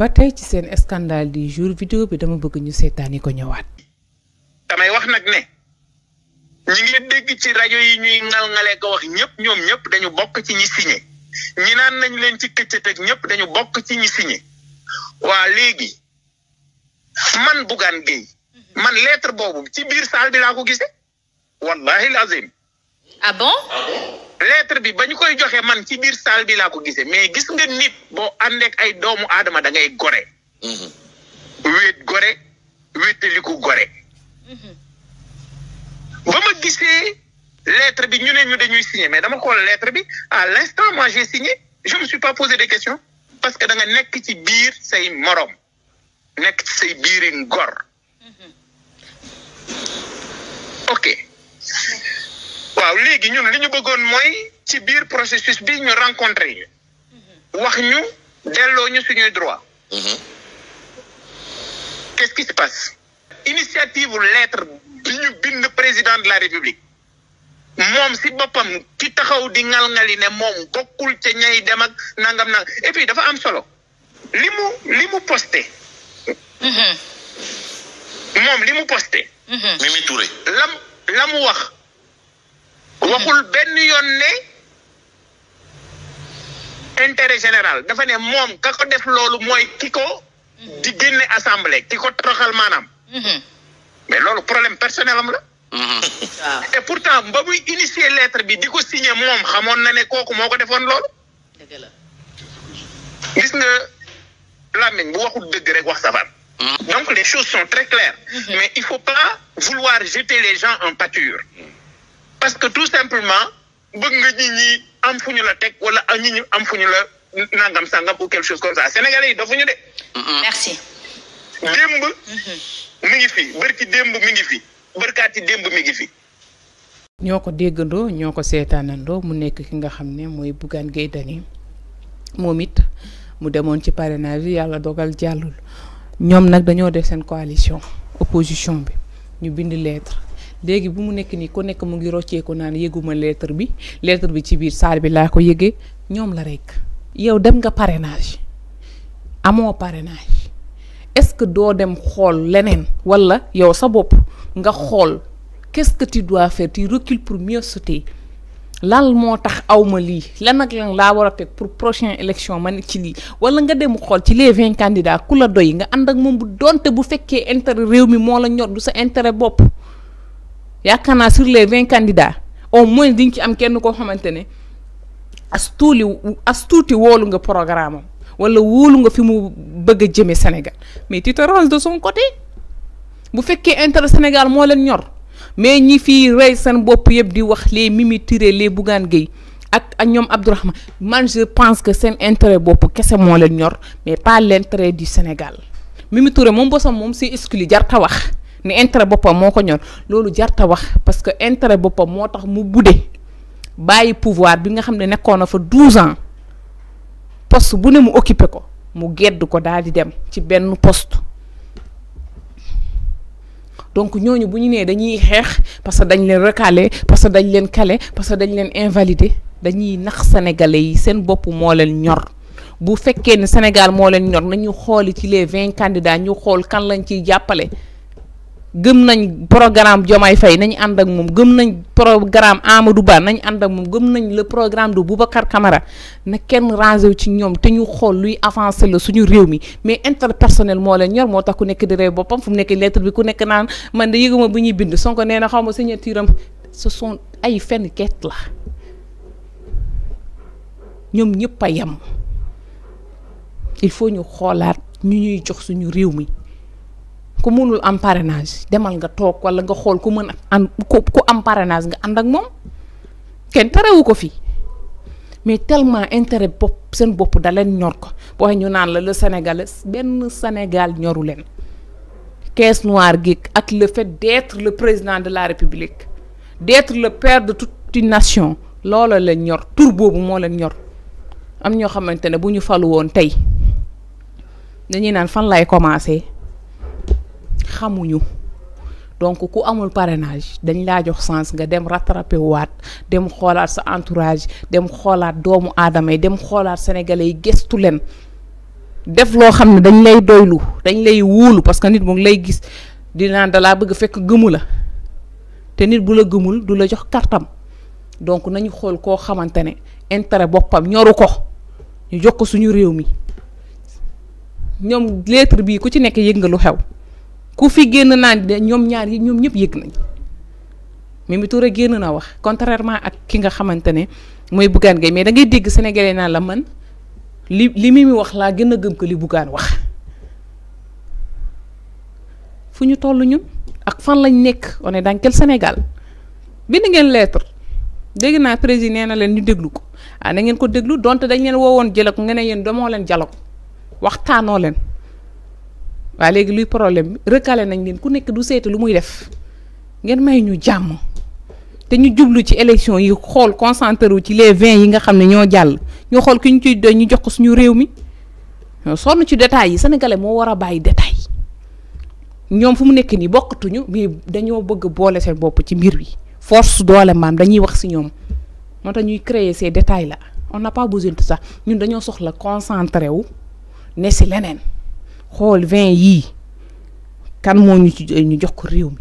ba tay ci sen scandale du jour vidéo bi dama bëgg ñu sétani ko ñëwaat. tamay wax nak né ñi ngi dégg ci radio yi ñuy ngal ngalé ko wax ñëpp ñom ñëpp dañu bokk ci ñi signé ñi naan nañ leen ci këccët ak ñëpp dañu bokk ci ñi signé wa légui man Bougane gay man lettre bobu ci bir salle bi la ko wallahi lazim Ah, ah bon. lettre bi ba ñu koy joxee man ci biir salle bi laa ko gisee mais gis nga nit boo ànd ak ay doomu aadama da ngay gore. Mm-hmm. wéet gore wéetaliku gore. Mm-hmm. ba ma gisee lettre bi ñu ne ñu dañuy signé mais dama xool lettre bi à l' instant moi j'ai signé je parce que da nga nekk ci biir say morom nekk ci say biiri ngor. Mm-hmm. ok. waaw léegi ñun li ñu bëggoon mooy ci biir processus bi ñu rencontré ñu. wax ñu delloo ñu suñuy droit. Mhm. qu'est-ce qui se passe. initiative lettre bi bind président de la république. moom si boppam ki taxaw di ngal-ngali ne moom bokkul ca ñay dem ak nangam na et puis dafa am solo. li mu li mu posté. Mhm. moom li mu posté. Mhm. Mimi Touré. lam lam wax waxul ben yoon ne intérêt général dafa ne mom kako def loolu moy kiko di génne assemblée kiko ko toroxal mhm. mais loolu problème personnel am la mhm. et pourtant ba initier lettre bi diko signer mom xamone na ne koku moko defone defoon loolu la gis nga làmmiñ bu waxul deug rek wax safar mhm. donc les choses sont très claires mais il faut pas vouloir jeter les gens en pâture parce que tout simplement bëgg nga nit ñi am fuñu la tek wala nit ñi am fuñu la nangam sangam ou quelque chose comme ça sénégalais yi dafa ñu de. Mm-hmm. merci. Mm-hmm. démb. mi ngi fi barki demb mi ngi fi barkaati demb mi ngi fi. ñoko déggando ñoko sétanando mu nekk ki nga xamné moy mooy Bougane Gueye Dany moom mu démon ci parrainage yalla dogal jallul ñom nak dañoo def sen coalition opposition bi ñu bind lettre. léegi bu mu nekk nii ko nekk mu ngi rocceeku naan yëguma lettre bi lettre bi ci biir saal bi laa ko yëgee ñoom la rekk yow dem nga parenage amoo parrainage est-ce que doo dem xool leneen walla yow sa bopp nga xool qu'est-ce que tu dois faire tu pour mieux sauter lan moo tax awma lii lan nag lan laa war a teg pour prochaine élection ma ne ci lii wala nga dem xool ci les vingt candidats ku la doy nga ànd ak moom bu donte bu fekkee intérêt réew mi moo la ñor du sa intérêt bopp yaakaar naa sur les vingt candidats au moins di nga ci am kenn koo xamante ne as tuuli as tuuti woolu nga programme am wala wóolu nga fi mu bëgg a jëme Sénégal mais Tito Rohas de son côté bu fekkee intérêt Sénégal moo leen ñor mais ñi fii rey seen bopp yëpp di wax les Mimi Touré les Bougane Gueye ak ak ñoom Abdourahmane man je pense que seen intérêt bopp kese moo leen ñor mais pas leen intérêt du Sénégal Mimi Touré moom bosam moom c'est exclu jar ta wax ni intérêt boppam moo ko ñor loolu jarta wax parce que intérêt boppam moo tax mu budde bàyyi pouvoir bi nga xam ne nekkoon na fa 12 ans poste bu ne mu occupé ko mu gedd ko daal di dem ci benn poste donc ñooñu bu ñu nee dañuy xeex parce que dañ leen recalé parce que dañ leen calé parce que dañ leen invalidé dañuy nax sénégalais yi seen bopp moo leen ñor bu fekkee ne Sénégal moo leen ñor nañu xool ci les vingt candidats ñu xool kan lañ ciy jàppale gëm nañ programme Diomaye fay nañu ànd ak moom gëm nañ programme Amadou Ba nañ ànd ak moom gëm nañ la programme de Boubacar Camara na kenn rangé wu ci ñoom te ñu xool luy avancé la suñu réew mi mais interpersonnel moo leen ñor moo tax ku nekk di réew boppam fu mu nekk lettre bi ku nekk naan man de yëguma bu ñuy bind sonk nee xaw ma signaturam sa son ay fenn ket la ñoom ñëpp a yem il faut ñu xoolaat ñu ñuy jox suñu réew mi ku mënul am parrainage demal nga toog walla nga xool ku mën am ku am parrainage nga ànd ak moom kenn terewu ko fii mais tellement intérêt bopp seen bopp da leen ñor ko boo ñu naan la le sénégalais benn Sénégal ñoru leen caisse noire gi ak le fait d'être le président de la république d'être le père de tout une nation loola leen ñor tur boobu moo leen ñor am ñoo xamante ne bu ñu falu woon tey dañuy naan fan lay commencé xamuñu donc ku amul parrainage dañ laa jox sens nga dem rattrapé waat dem xoolaat sa entourage dem xoolaat doomu aadama yi dem xoolaat sénégalais yi gëstu leen def loo xam ne dañ lay doylu dañ lay wóolu parce que nit mu ngi lay gis di naan dalaa bëgg fekk gëmu la te nit bu la gëmul du la jox kartam donc nañu xool koo xamante ne intérêt boppam ñoru ko ñu jox ko suñu réew mi ñoom lettre bii ku ci nekk yëg nga lu xew ku fi genn naan de ñom ñaar yi ñom ñep yëg nañ Mimi Touré genn na wax contrairement ak ki nga xamantene moy bugan gay mais da ngay dégg sénégalais na la man li li Mimi wax la gën gëm ko li bugan wax fu ñu ñun ak fan lañ nekk on est dans quel Sénégal bind ngeen lettre dégg na président na leen ñu déglu ko ah na ngeen ko déglu donte dañ leen jël jëlak ngeen yeen do mo leen waxtano leen waa léegi luy problème bi recalé nañ leen ku nekk du seeti lu muy def ngeen may ñu jàmm te ñu jublu ci élection yi xool concentré wu ci les vingt yi nga xam ne ñoo jàll ñoo xool ki ñu ciy doy ñu jox ko suñu réew mi sonn ci détails yi sénégalais moo war a bàyyi détails ñoom fu mu nekk nii bokkatuñu mais dañoo bëgg boole seen bopp ci mbir wi force doole maam dañuy wax si ñoom moo tax ñuy créer ces détails là on n'a pas besoin de ça ñun dañoo soxla concentré wu ne si leneen. xool vin yii kan moo ñu ci ñu jox ko réew mi.